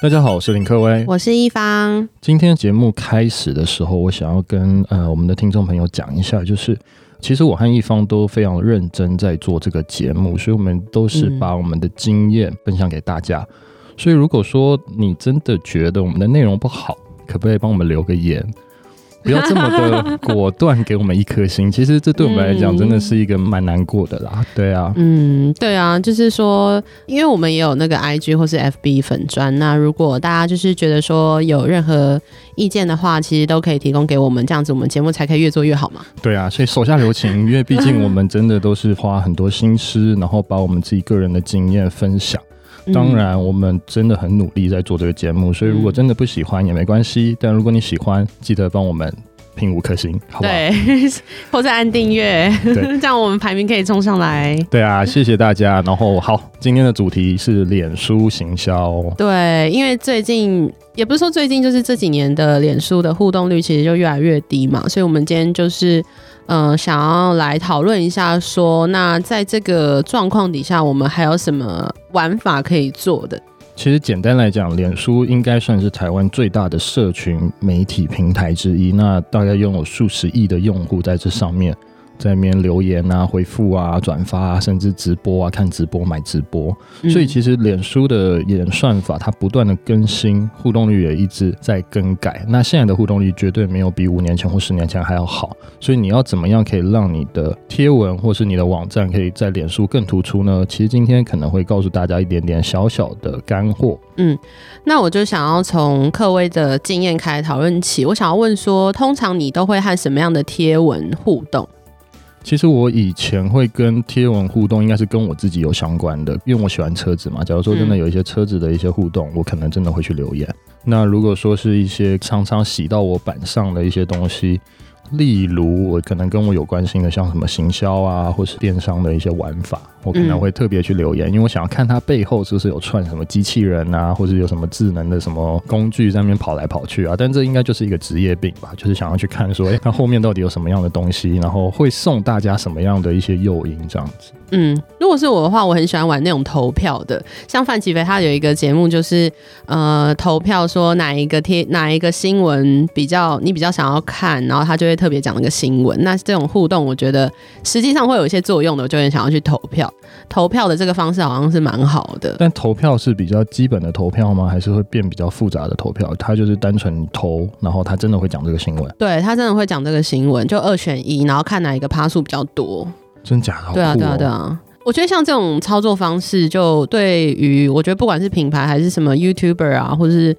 大家好，我是林克威，我是一方。今天節目開始的時候，我想要跟呃我們的聽眾朋友講一下，就是其實我和一方都非常認真在做這個節目，所以我們都是把我們的經驗分享給大家。嗯。所以如果說你真的覺得我們的內容不好，可不可以幫我們留個言？不要這麼的果斷給我們一顆星， 其實這對我們來講真的是一個蠻難過的啦、嗯。對啊，嗯，對啊，就是說，因為我們也有那個 I G 或是 F B 粉專，那如果大家就是覺得說有任何意見的話，其實都可以提供給我們，這樣子我們節目才可以越做越好嘛。對啊，所以手下留情， 因為畢竟我們真的都是花很多心思， 然後把我們自己個人的經驗分享。當然，我們真的很努力在做這個節目，所以如果真的不喜歡也沒關係。但如果你喜歡，記得幫我們評五顆星，好吧？對，或者按訂閱，這樣我們排名可以衝上來。對啊，謝謝大家。然後好，今天的主題是臉書行銷，哦。對，因為最近也不是說最近，就是這幾年的臉書的互動率其實就越來越低嘛，所以我們今天就是。嗯，想要來討論一下說，說那在這個狀況底下，我們還有什麼玩法可以做的？其實簡單來講，臉書應該算是台灣最大的社群媒體平台之一，那大概擁有數十億的用戶在這上面。嗯在那邊留言啊、回復啊、轉發、啊，甚至直播啊、看直播、買直播，嗯、所以其實臉書的演算法它不斷的更新，互動率也一直在更改。那現在的互動率絕對沒有比五年前或十年前還要好。所以你要怎麼樣可以讓你的貼文或是你的網站可以在臉書更突出呢？其實今天可能會告訴大家一點點小小的乾貨。嗯，那我就想要從克威的經驗開始討論起。我想要問說，通常你都會和什麼樣的貼文互動？其實我以前會跟貼文互動，應該是跟我自己有相關的，因為我喜歡車子嘛。假如說真的有一些車子的一些互動，嗯，我可能真的會去留言。那如果說是一些常常洗到我板上的一些東西。例如，我可能跟我有關係的，像什麼行銷啊，或是電商的一些玩法，我可能會特別去留言，嗯，因為我想要看它背後是不是有串什麼機器人啊，或是有什麼智能的什麼工具在那邊跑來跑去啊。但這應該就是一個職業病吧，就是想要去看說，哎、欸，它後面到底有什麼樣的東西，然後會送大家什麼樣的一些誘因這樣子。嗯，如果是我的話，我很喜歡玩那種投票的，像范琪斐他有一個節目，就是呃，投票說哪一個貼哪一個新聞比較你比較想要看，然後他就會。特別講那個新聞，那這種互動，我覺得實際上會有一些作用的。我就很想要去投票，投票的這個方式好像是蠻好的。但投票是比較基本的投票嗎？還是會變比較複雜的投票？他就是單純投，然後他真的會講這個新聞？對，他真的會講這個新聞？就二選一，然後看哪一個趴數比較多？真假的，好酷喔！對啊，對啊，對啊。我覺得像這種操作方式，就對於我覺得不管是品牌還是什麼 YouTuber 啊，或者是。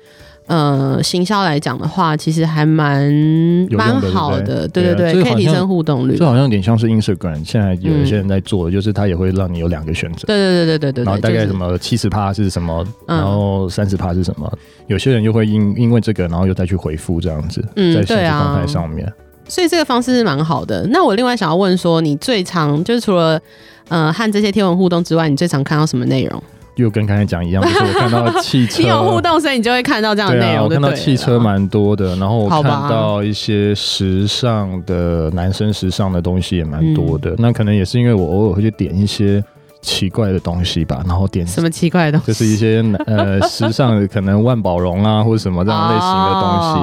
呃，行銷來講的話，其實還蠻蠻好，好的，對對對，可、這、以、個、提升互動率。這好像有點像是 Instagram 現在有一些人在做的，就是他也會讓你有兩個選擇。嗯、對，對，對，對對對對對對。然後大概什麼七十趴是什麼，就是、然後三十趴是什麼、嗯？有些人就會因因為這個，然後又再去回復這樣子。嗯，對啊。在互動狀態上面，所以這個方式是蠻好的。那我另外想要問說，你最常就是除了呃和這些天文互動之外，你最常看到什麼內容？又跟剛才講一樣，就是、我看到汽車 你有互動，所以你就會看到這樣的內容對。對、啊、我看到汽車蠻多的，然後我看到一些時尚的男生時尚的東西也蠻多的、啊。那可能也是因為我偶爾會去點一些奇怪的東西吧，然後點一些什麼奇怪的東西，就是一些呃時尚的，可能萬寶龍啊或者什麼這樣類型的東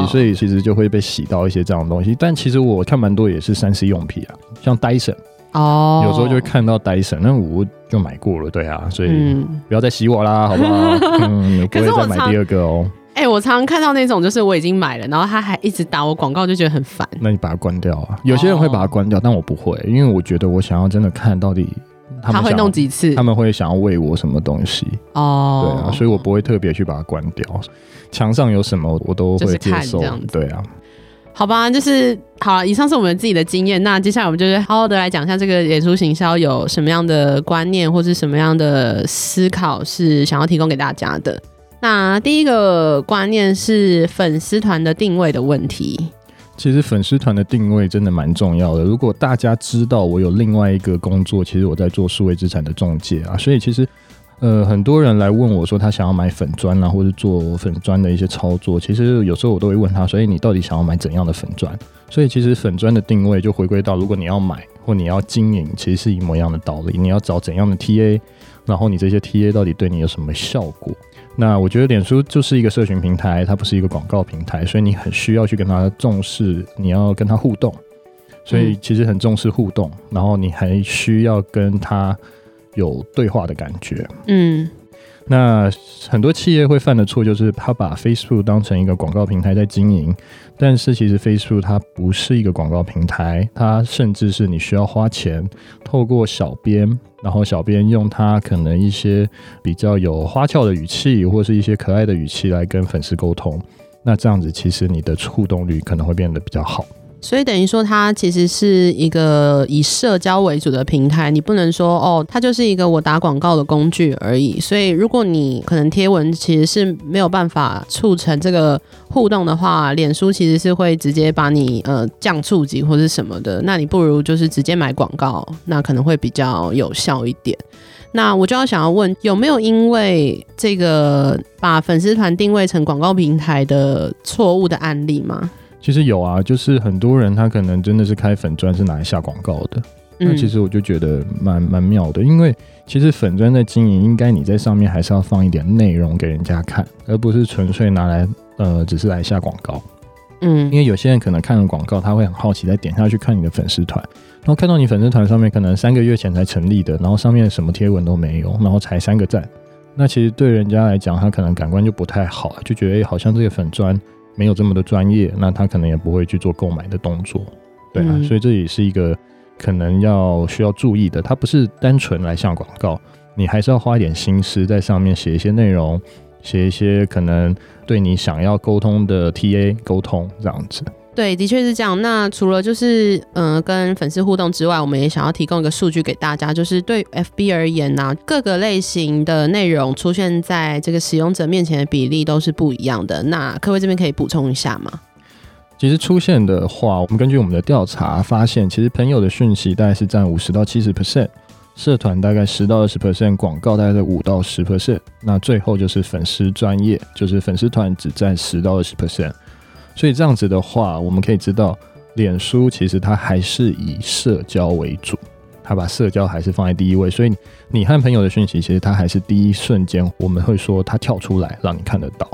西、哦，所以其實就會被洗到一些這樣的東西。但其實我看蠻多也是 3C 用品啊，像 Dyson。哦、oh，有時候就會看到 Dyson，那我就，就買過了，對啊，所以不要再洗我啦， 好不好？嗯，不會再買第二個哦。哎、欸，我常，常看到那種就是我已經買了，然後他還一直打我廣告，就覺得很煩。那你把它關掉啊？有些人會把它關掉，oh。但我不會，因為我覺得我想要真的看到底他們。他會弄幾次？他們會想要餵我什麼東西？哦、oh，對啊，所以我不會特別去把它關掉。牆上有什麼我都會接受，就是、對啊。好吧，就是好了。以上是我們自己的經驗。那接下來我們就是好好的來講一下這個演出行銷有什麼樣的觀念，或者什麼樣的思考是想要提供給大家的。那第一個觀念是粉絲團的定位的問題。其實粉絲團的定位真的蠻重要的。如果大家知道我有另外一個工作，其實我在做數位資產的中介啊，所以其實。呃，很多人來問我說，他想要買粉專啊，或是做粉專的一些操作。其實有時候我都會問他，所以你到底想要買怎樣的粉專？所以其實粉專的定位就回歸到，如果你要買或你要經營，其實是一模一樣的道理。你要找怎樣的 TA，然後你這些 TA 到底對你有什麼效果？那我覺得臉書就是一個社群平台，它不是一個廣告平台，所以你很需要去跟他重視，你要跟他互動。所以其實很重視互動，然後你還需要跟他。有對話的感覺，嗯，那很多企業會犯的錯就是，他把 Facebook 當成一個廣告平台在經營，但是其實 Facebook 它不是一個廣告平台，它甚至是你需要花錢透過小編，然後小編用他可能一些比較有花俏的語氣，或是一些可愛的語氣來跟粉絲溝通，那這樣子其實你的互動率可能會變得比較好。所以等於說，它其實是一個以社交為主的平台，你不能說哦，它就是一個我打廣告的工具而已。所以，如果你可能貼文其實是沒有辦法促成這個互動的話，臉書其實是會直接把你呃降觸及或是什麼的。那你不如就是直接買廣告，那可能會比較有效一點。那我就要想要問，有沒有因為這個把粉絲團定位成廣告平台的錯誤的案例嗎？其實有啊，就是很多人他可能真的是開粉專，是拿來下廣告的，嗯。那其實我就覺得蠻蠻妙的，因為其實粉專在經營，應該你在上面還是要放一點內容給人家看，而不是純粹拿來呃只是來下廣告。嗯，因為有些人可能看了廣告，他會很好奇，再點下去看你的粉絲團，然後看到你粉絲團上面可能三個月前才成立的，然後上面什麼貼文都沒有，然後才三個讚，那其實對人家來講，他可能感官就不太好，啊，就覺得、欸、好像這個粉專。沒有這麼的專業，那他可能也不會去做購買的動作，對啊，嗯。所以這也是一個可能要需要注意的。它不是單純來像廣告，你還是要花一點心思在上面寫一些內容，寫一些可能對你想要溝通的 TA 溝通這樣子。對，的確是這樣。那除了就是，嗯、呃，跟粉絲互動之外，我們也想要提供一個數據給大家，就是對 FB 而言呢、啊，各個類型的內容出現在這個使用者面前的比例都是不一樣的。那各位這邊可以補充一下嗎？其實出現的話，我們根據我們的調查發現，其實朋友的訊息大概是占五十到七十 percent，社團大概十到二十 percent，廣告大概在五到十 percent，那最後就是粉絲專頁，就是粉絲團只占十到二十 percent。所以這樣子的話，我們可以知道，臉書其實它還是以社交為主，它把社交還是放在第一位。所以你和朋友的訊息，其實它還是第一瞬間，我們會說它跳出來讓你看得到。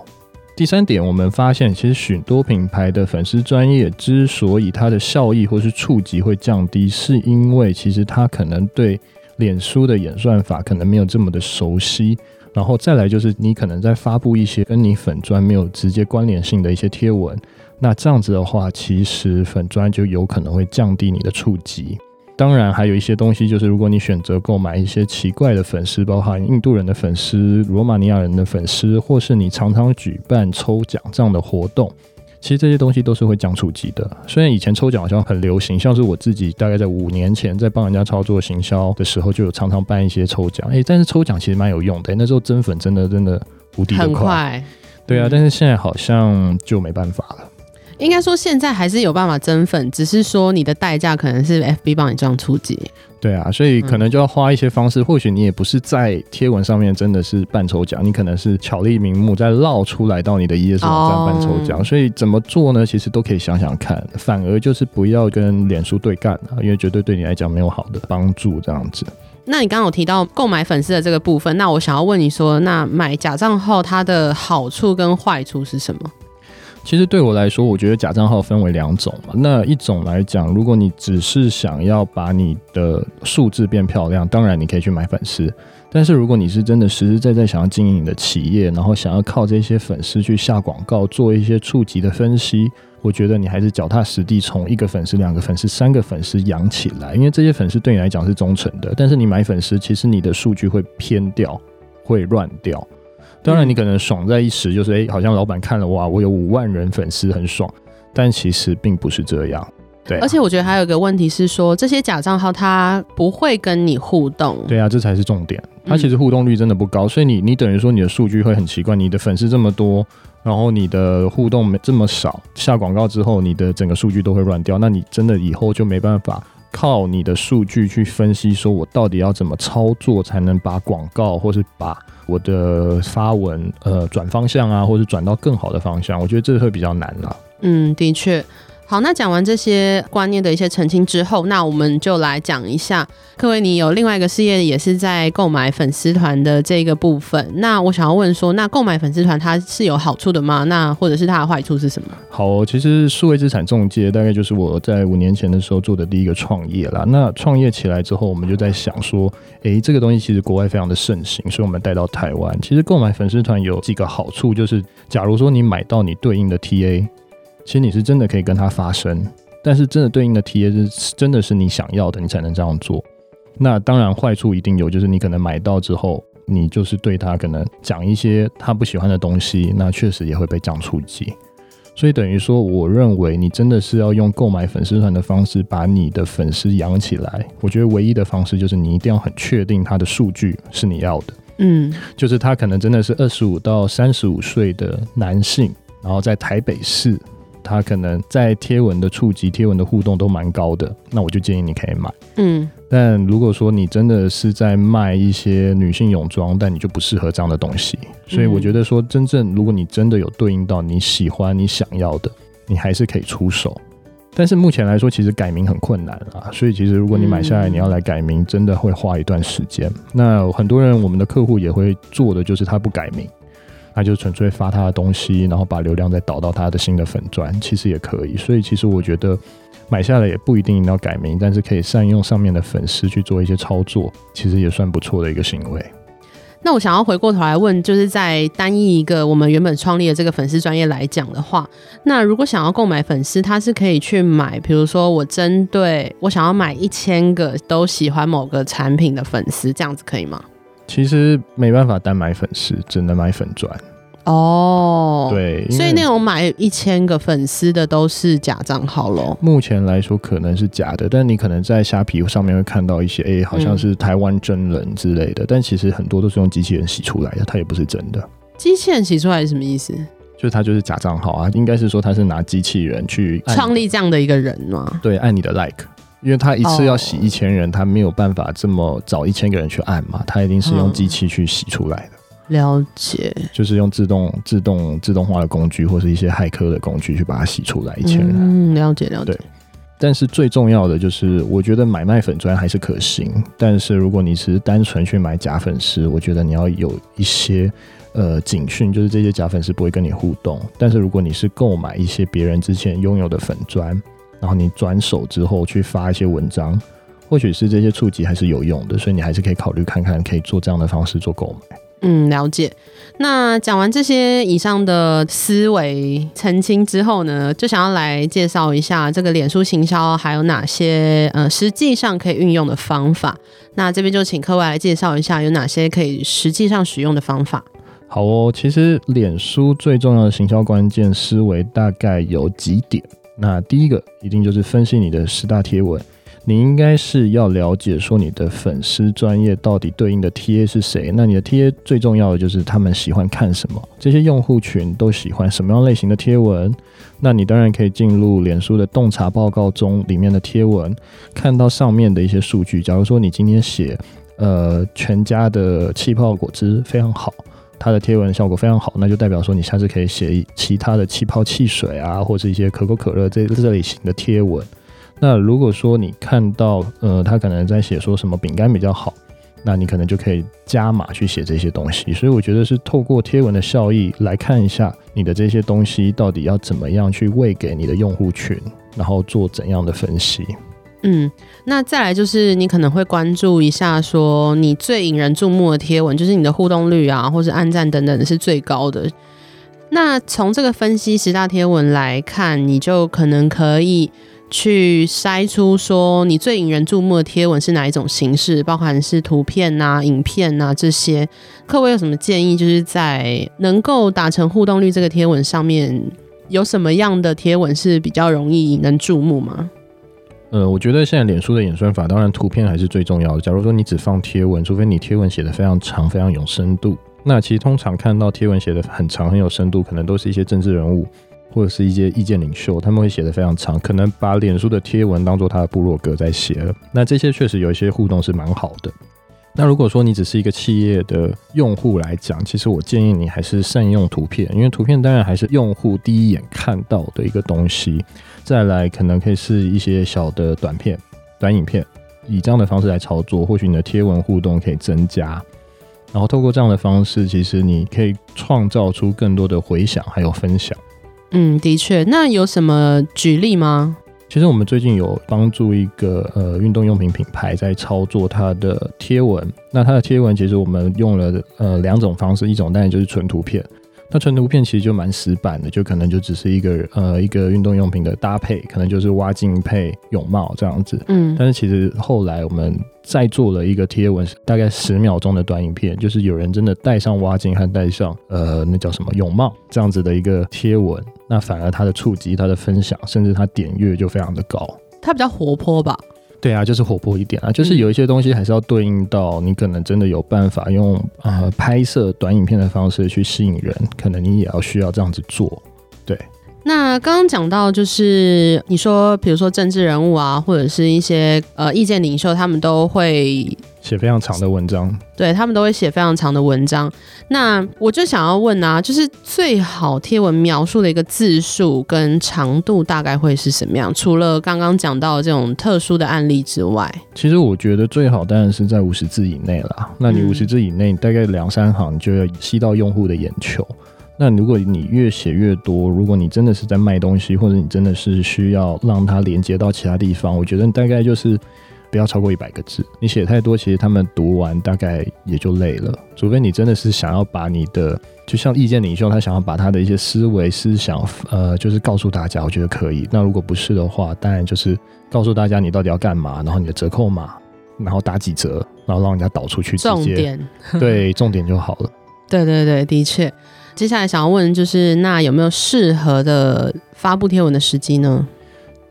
第三點，我們發現其實許多品牌的粉絲專頁之所以它的效益或是觸及會降低，是因為其實它可能對臉書的演算法可能沒有這麼的熟悉。然後再來就是，你可能在發布一些跟你粉專沒有直接關聯性的一些貼文，那這樣子的話，其實粉專就有可能會降低你的觸及。當然，還有一些東西就是，如果你選擇購買一些奇怪的粉絲，包含印度人的粉絲、羅馬尼亞人的粉絲，或是你常常舉辦抽獎這樣的活動。其實這些東西都是會降觸及的。雖然以前抽獎好像很流行，像是我自己大概在五年前在幫人家操作行銷的時候，就有常常辦一些抽獎。誒、欸，但是抽獎其實蠻有用的、欸，的那時候增粉真的真的無敵很快。對啊，但是現在好像就沒辦法了。嗯、應該說現在還是有辦法增粉，只是說你的代價可能是 FB 幫你降觸及。對啊，所以可能就要花一些方式，嗯、或許你也不是在貼文上面真的是辦抽獎，你可能是巧立名目在繞出來到你的一頁上在辦抽獎。哦，所以怎麼做呢？其實都可以想想看，反而就是不要跟臉書對幹啊，因為絕對對你來講沒有好的幫助這樣子。那你剛剛有提到購買粉絲的這個部分，那我想要問你說，那買假賬號它的好處跟壞處是什麼？其實對我來說，我覺得假賬號分為兩種嘛。那一種來講，如果你只是想要把你的數字變漂亮，當然你可以去買粉絲。但是如果你是真的實實在在想要經營你的企業，然後想要靠這些粉絲去下廣告、做一些觸及的分析，我覺得你還是腳踏實地從一個粉絲、兩個粉絲、三個粉絲養起來，因為這些粉絲對你來講是忠誠的。但是你買粉絲，其實你的數據會偏掉，會亂掉。當然，你可能爽在一時，就是哎、嗯欸，好像老闆看了哇，我有五萬人粉絲，很爽。但其實並不是這樣，對、啊。而且我覺得還有一個問題是說，嗯、這些假賬號它不會跟你互動。對啊，這才是重點。它其實互動率真的不高，嗯、所以你你等於說你的數據會很奇怪，你的粉絲這麼多，然後你的互動沒這麼少。下廣告之後，你的整個數據都會亂掉，那你真的以後就沒辦法。靠你的數據去分析，說我到底要怎麼操作才能把廣告或是把我的發文，呃，轉方向啊，或者轉到更好的方向，我覺得這會比較難了啊。嗯，的確。好，那講完這些觀念的一些澄清之後，那我們就來講一下，克威，你有另外一個事業也是在購買粉絲團的這個部分。那我想要問說，那購買粉絲團它是有好處的嗎？那或者是它的壞處是什麼？好，其實數位資產中介大概就是我在五年前的時候做的第一個創業啦。那創業起來之後，我們就在想說，哎、欸，這個東西其實國外非常的盛行，所以我們帶到台灣。其實購買粉絲團有幾個好處，就是假如說你買到你對應的 TA。其實你是真的可以跟他發生，但是真的對應的體驗是真的是你想要的，你才能這樣做。那當然壞處一定有，就是你可能買到之後，你就是對他可能講一些他不喜歡的東西，那確實也會被降觸及。所以等於說，我認為你真的是要用購買粉絲團的方式把你的粉絲養起來。我覺得唯一的方式就是你一定要很確定他的數據是你要的，嗯，就是他可能真的是二十五到三十五歲的男性，然後在台北市。它可能在貼文的觸及、貼文的互動都蠻高的，那我就建議你可以買。嗯，但如果說你真的是在賣一些女性泳裝，但你就不適合這樣的東西，所以我覺得說，真正如果你真的有對應到你喜歡、你想要的，你還是可以出手。但是目前來說，其實改名很困難啊，所以其實如果你買下來，嗯，你要來改名，真的會花一段時間。那很多人，我們的客戶也會做的就是，他不改名。他就純粹發他的東西，然後把流量再導到他的新的粉專。其實也可以。所以其實我覺得買下來也不一定要改名，但是可以善用上面的粉絲去做一些操作，其實也算不錯的一個行為。那我想要回過頭來問，就是在單一一個我們原本創立的這個粉絲專頁來講的話，那如果想要購買粉絲，他是可以去買，比如說我針對我想要買一千個都喜歡某個產品的粉絲，這樣子可以嗎？其實沒辦法單買粉絲，只能買粉專。哦、oh,，對，所以那種買一千個粉絲的都是假賬號了。目前來說可能是假的，但你可能在蝦皮上面會看到一些，哎、欸，好像是台灣真人之類的、嗯，但其實很多都是用機器人洗出來的，它也不是真的。機器人洗出來是什麼意思？就是他就是假賬號啊，應該是說他是拿機器人去創立這樣的一個人嗎？對，按你的 like。因為他一次要洗一千人，oh. 他沒有辦法這麼找一千個人去按嘛，他一定是用機器去洗出來的、嗯。了解，就是用自動、自動、自動化的工具，或是一些駭客的工具去把它洗出來一千人。嗯，了解了解。對，但是最重要的就是，我覺得買賣粉專，還是可行。但是如果你只是單純去買假粉絲，我覺得你要有一些呃警訊，就是這些假粉絲不會跟你互動。但是如果你是購買一些別人之前擁有的粉專，然後你轉手之後去發一些文章，或許是這些觸及還是有用的，所以你還是可以考慮看看，可以做這樣的方式做購買。嗯，了解。那講完這些以上的思維澄清之後呢，就想要來介紹一下這個臉書行銷還有哪些呃實際上可以運用的方法。那這邊就請克威來介紹一下有哪些可以實際上使用的方法。好哦，其實臉書最重要的行銷關鍵思維大概有幾點。那第一個一定就是分析你的十大貼文，你應該是要了解說你的粉絲專業到底對應的 TA 是誰？那你的 TA 最重要的就是他們喜歡看什麼，這些用戶群都喜歡什麼樣類型的貼文。那你當然可以進入臉書的洞察報告中裡面的貼文，看到上面的一些數據。假如說你今天寫，呃，全家的氣泡果汁非常好，它的貼文效果非常好，那就代表說你下次可以寫其他的氣泡汽水啊，或是一些可口可樂這這類型的貼文。那如果說你看到，呃，他可能在寫說什麼餅乾比較好，那你可能就可以加碼去寫這些東西。所以我覺得是透過貼文的效益來看一下你的這些東西到底要怎麼樣去餵給你的用戶群，然後做怎樣的分析。嗯，那再來就是你可能會關注一下，說你最引人注目的貼文，就是你的互動率啊，或者按讚等等的是最高的。那從這個分析十大貼文來看，你就可能可以去篩出說你最引人注目的貼文是哪一種形式，包含是圖片啊，影片啊，這些。各位有什麼建議，就是在能夠達成互動率這個貼文上面，有什麼樣的貼文是比較容易引人注目嗎？呃、嗯，我覺得現在臉書的演算法，當然圖片還是最重要的。假如說你只放貼文，除非你貼文寫的非常長、非常有深度，那其實通常看到貼文寫的很長、很有深度，可能都是一些政治人物或者是一些意見領袖，他們會寫的非常長，可能把臉書的貼文當做他的部落格在寫了。那這些確實有一些互動是蠻好的。那如果說你只是一個企業的用戶來講，其實我建議你還是善用圖片，因為圖片當然還是用戶第一眼看到的一個東西。再來，可能可以是一些小的短片、短影片，以這樣的方式來操作，或許你的貼文互動可以增加。然後透過這樣的方式，其實你可以創造出更多的回響還有分享。嗯，的確。那有什麼舉例嗎？其實我們最近有幫助一個呃運動用品品牌在操作它的貼文，那它的貼文其實我們用了呃兩種方式，一種當然就是純圖片。那純圖片其實就蠻死板的，就可能就只是一個呃一個運動用品的搭配，可能就是蛙鏡配泳帽這樣子。嗯，但是其實後來我們再做了一個貼文，大概十秒鐘的短影片，就是有人真的戴上蛙鏡還戴上呃那叫什麼泳帽這樣子的一個貼文，那反而它的觸及、它的分享，甚至它點閱就非常的高。它比較活潑吧。對啊，就是活潑一點啊，就是有一些東西還是要對應到你可能真的有辦法用呃拍攝短影片的方式去吸引人，可能你也要需要這樣子做。對，那剛剛講到就是你說，比如說政治人物啊，或者是一些呃意見領袖，他們都會。寫非常長的文章，對他們都會寫非常長的文章。那我就想要問啊，就是最好貼文描述的一個字數跟長度大概會是什麼樣？除了剛剛講到的這種特殊的案例之外，其實我覺得最好當然是在五十字以內啦。那你五十字以內，嗯、你大概兩三行就要吸到用戶的眼球。那如果你越寫越多，如果你真的是在賣東西，或者你真的是需要讓它連接到其他地方，我覺得你大概就是。不要超過一百個字。你寫太多，其實他們讀完大概也就累了。除非你真的是想要把你的，就像意見領袖，他想要把他的一些思維思想，呃，就是告訴大家，我覺得可以。那如果不是的話，當然就是告訴大家你到底要幹嘛，然後你的折扣碼，然後打幾折，然後讓人家導出去。重點。對，重點就好了。 對對對，的確。接下來想要問就是，那有沒有適合的發布貼文的時機呢？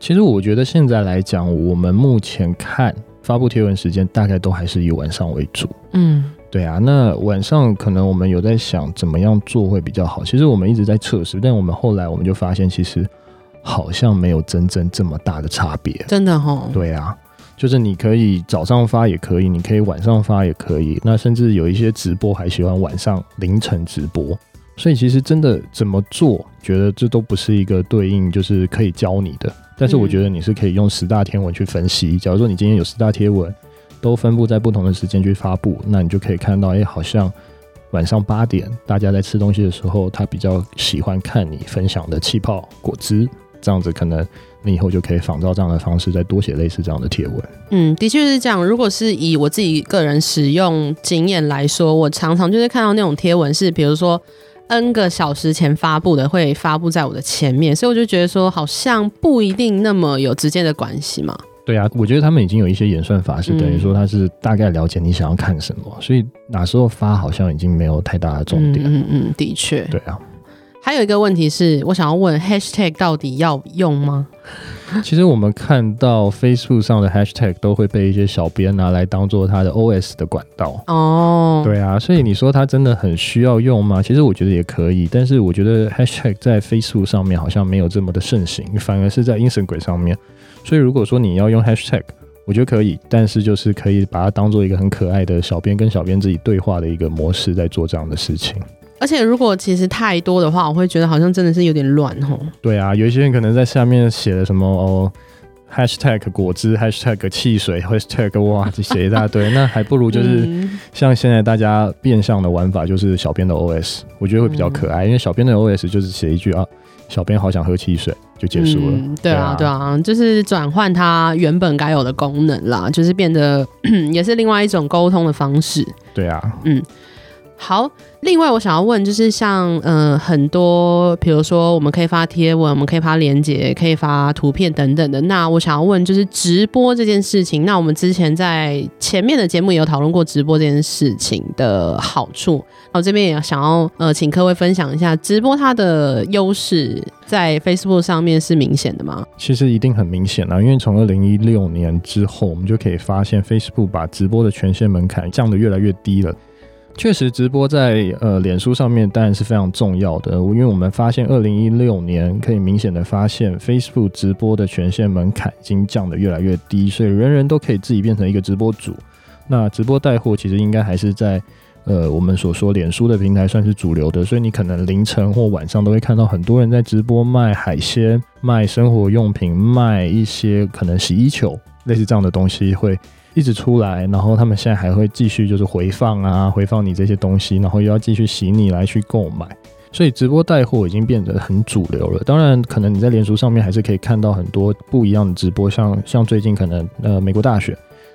其實我覺得現在來講，我們目前看發佈貼文時間大概都還是以晚上為主。嗯，對啊，那晚上可能我們有在想怎麼樣做會比較好。其實我們一直在測試，但我們後來我們就發現，其實好像沒有真正這麼大的差別。真的哦。對啊，就是你可以早上發也可以，你可以晚上發也可以。那甚至有一些直播還喜歡晚上凌晨直播。所以其實真的怎麼做，覺得這都不是一個對應，就是可以教你的。但是我覺得你是可以用十大貼文去分析。假如說你今天有十大貼文都分佈在不同的時間去發布，那你就可以看到，誒、欸，好像晚上八點大家在吃東西的時候，他比較喜歡看你分享的氣泡果汁，這樣子可能你以後就可以仿照這樣的方式，再多寫類似這樣的貼文。嗯，的確是這樣。如果是以我自己個人使用經驗來說，我常常就是看到那種貼文是比如說。N 個小時前發布的會發布在我的前面，所以我就覺得說好像不一定那麼有直接的關係嘛。對啊，我覺得他們已經有一些演算法，是等於說他是大概了解你想要看什麼，嗯，所以哪時候發好像已經沒有太大的重點。嗯嗯，嗯，的確。對啊。還有一個問題是我想要問，#hashtag 到底要用嗎？其實我們看到 Facebook 上的 #hashtag 都會被一些小編拿來當做他的 OS 的管道哦、oh。對啊，所以你說它真的很需要用嗎？其實我覺得也可以，但是我覺得 #hashtag 在 Facebook 上面好像沒有這麼的盛行，反而是在 Instagram 上面。所以如果說你要用 #hashtag，我覺得可以，但是就是可以把它當做一個很可愛的小編跟小編自己對話的一個模式，在做這樣的事情。而且如果其實太多的話，我會覺得好像真的是有點亂吼。對啊，有一些人可能在下面寫了什麼哦 #hashtag 果汁 #hashtag 汽水 #hashtag 哇，寫一大堆， 那還不如就是像現在大家變相的玩法，就是小編的 O S，、嗯、我覺得會比較可愛，因為小編的 O S 就是寫一句啊，小編好想喝汽水，就結束了。嗯、對啊，對啊，對啊，就是轉換它原本該有的功能啦，就是變得 也是另外一種溝通的方式。對啊，嗯。好，另外我想要問，就是像呃很多，比如說我們可以發貼文，我們可以發鏈接，可以發圖片等等的。那我想要問，就是直播這件事情，那我們之前在前面的節目也有討論過直播這件事情的好處。我這邊也想要呃請各位分享一下直播它的優勢，在 Facebook 上面是明顯的嗎？其實一定很明顯啊，因為從二零一六年之後，我們就可以發現 Facebook 把直播的權限門檻降得越來越低了。確實，直播在呃，臉書上面當然是非常重要的，因為我們發現二零一六年可以明顯的發現，Facebook 直播的權限門檻已經降得越來越低，所以人人都可以自己變成一個直播主。那直播帶貨其實應該還是在呃我們所說臉書的平台算是主流的，所以你可能凌晨或晚上都會看到很多人在直播賣海鮮、賣生活用品、賣一些可能洗衣球類似這樣的東西會。一直出來，然後他們現在還會繼續就是回放啊，回放你這些東西，然後又要繼續洗你來去購買，所以直播帶貨已經變得很主流了。當然，可能你在臉書上面還是可以看到很多不一樣的直播，像像最近可能呃美國大選。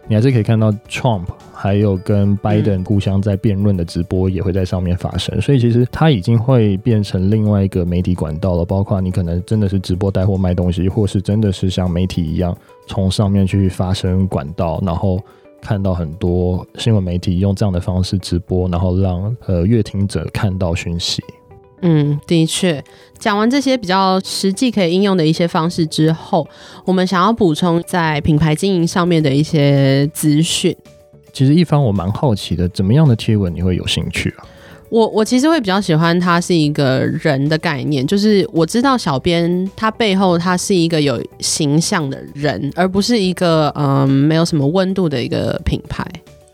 你還是可以看到 Trump，還有跟 Biden 互相在辯論的直播也會在上面發生，嗯、所以其實它已經會變成另外一個媒體管道了。包括你可能真的是直播帶貨賣東西，或是真的是像媒體一樣從上面去發聲管道，然後看到很多新聞媒體用這樣的方式直播，然後讓呃閱聽者看到訊息。嗯，的確，講完這些比較實際可以應用的一些方式之後，我們想要補充在品牌經營上面的一些資訊。其實，一凡我蠻好奇的，怎麼樣的貼文你會有興趣啊？我我其實會比較喜歡它是一個人的概念，就是我知道小編他背後他是一個有形象的人，而不是一個嗯沒有什麼溫度的一個品牌。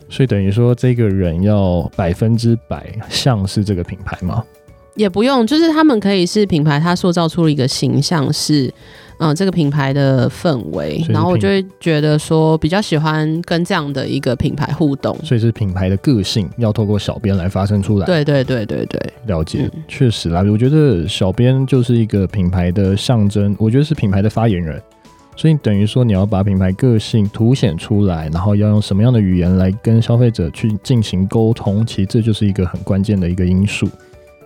所以等於說，這個人要百分之百像是這個品牌嗎？也不用，就是他們可以是品牌，它塑造出了一個形象是，是嗯這個品牌的氛圍，然後我就會覺得說比較喜歡跟這樣的一個品牌互動，所以是品牌的個性要透過小編來發生出來，對對對對對，對，了解，嗯、確實啦，我覺得小編就是一個品牌的象徵，我覺得是品牌的發言人，所以等於說你要把品牌個性凸顯出來，然後要用什麼樣的語言來跟消費者去進行溝通，其實這就是一個很關鍵的一個因素。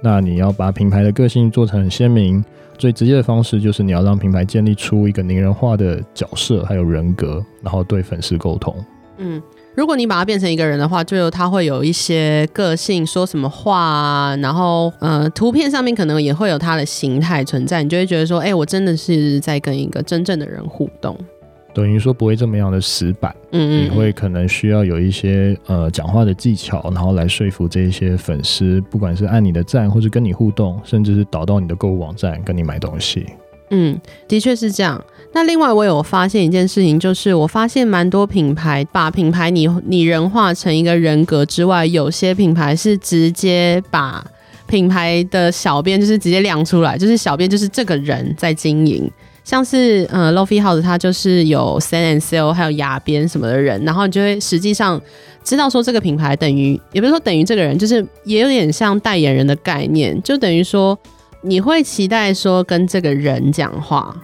那你要把品牌的個性做成鮮明，最直接的方式就是你要讓品牌建立出一個擬人化的角色還有人格，然後對粉絲溝通。嗯，如果你把它變成一個人的話，就他會有一些個性，說什麼話啊，然後嗯、呃，圖片上面可能也會有他的形態存在，你就會覺得說，哎、欸，我真的是在跟一個真正的人互動。等於說不會這麼樣的死板，嗯，你會可能需要有一些呃，講話的技巧，然後來說服這一些粉絲，不管是按你的贊，或是跟你互動，甚至是導到你的購物網站跟你買東西。嗯，的確是這樣。那另外我有發現一件事情，就是我發現蠻多品牌把品牌擬擬人化成一個人格之外，有些品牌是直接把品牌的小編就是直接亮出來，就是小編就是這個人在經營。像是呃 Lofi House，它就是有 Send and Sale 還有雅編什麼的人，然後你就會實際上知道說這個品牌等於，也不是說等於這個人，就是也有點像代言人的概念，就等於說你會期待說跟這個人講話，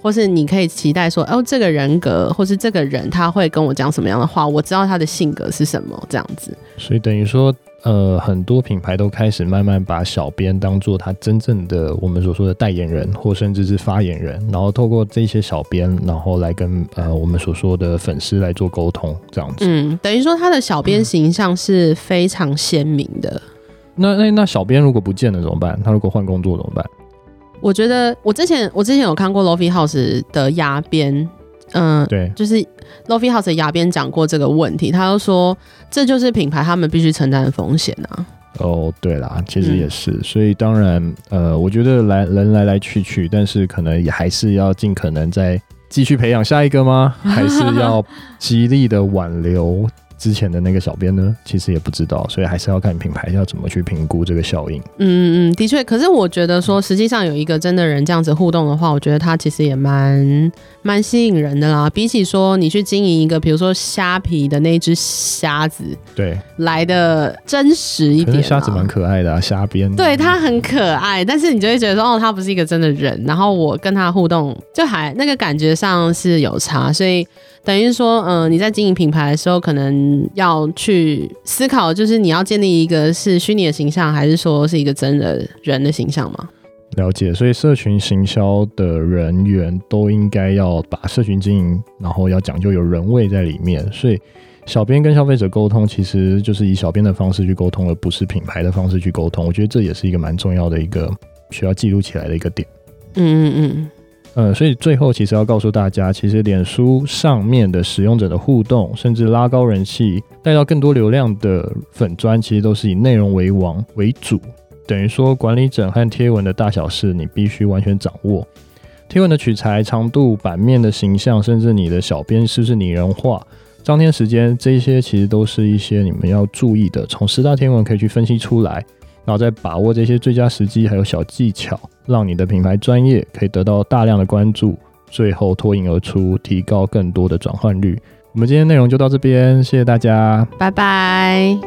或是你可以期待說哦、呃，這個人格或是這個人他會跟我講什麼樣的話，我知道他的性格是什麼這樣子，所以等於說。呃，很多品牌都開始慢慢把小編當做他真正的我們所說的代言人，或甚至是發言人，然後透過這些小編，然後來跟呃我們所說的粉絲來做溝通，這樣子。嗯，等於說他的小編形象是非常鮮明的。嗯、那那那小編如果不見了怎麼辦？他如果換工作怎麼辦？我覺得我之前我之前有看過 Lofi House 的鴨編。嗯、呃，對，就是 Lofi House 的雅編講過這個問題，他又說這就是品牌他們必須承擔的風險啊。哦，對啦，其實也是，嗯、所以當然，呃，我覺得，來人來來去去，但是可能也還是要盡可能再繼續培養下一個嗎？還是要 極力的挽留？之前的那個小編呢，其實也不知道，所以還是要看品牌要怎麼去評估這個效應。嗯嗯嗯，的確。可是我覺得說，實際上有一個真的人這樣子互動的話，我覺得他其實也蠻蠻吸引人的啦。比起說你去經營一個，比如說蝦皮的那隻蝦子，對，來得真實一點，蝦子蠻可愛的，啊，蝦編，對，他很可愛。但是你就會覺得說，哦，他不是一個真的人，然後我跟他互動，就還那個感覺上是有差，所以。等於說，嗯、呃，你在經營品牌的時候，可能要去思考，就是你要建立一個是虛擬的形象，還是說是一個真的人的形象嗎？了解，所以社群行銷的人員都應該要把社群經營，然後要講究有人味在裡面。所以，小編跟消費者溝通，其實就是以小編的方式去溝通，而不是品牌的方式去溝通。我覺得這也是一個蠻重要的一個需要記錄起來的一個點。嗯嗯嗯。呃、嗯，所以最後其實要告訴大家，其實臉書上面的使用者的互動，甚至拉高人氣，帶到更多流量的粉專，其實都是以內容為王為主。等於說，管理整和貼文的大小事，你必須完全掌握。貼文的取材、長度、版面的形象，甚至你的小編是不是擬人化、張貼時間，這些其實都是一些你們要注意的。從十大貼文可以去分析出來。然後再把握這些最佳時機，還有小技巧，讓你的品牌專業可以得到大量的關注，最後脫穎而出，提高更多的轉換率。我們今天內容就到這邊，謝謝大家，拜拜。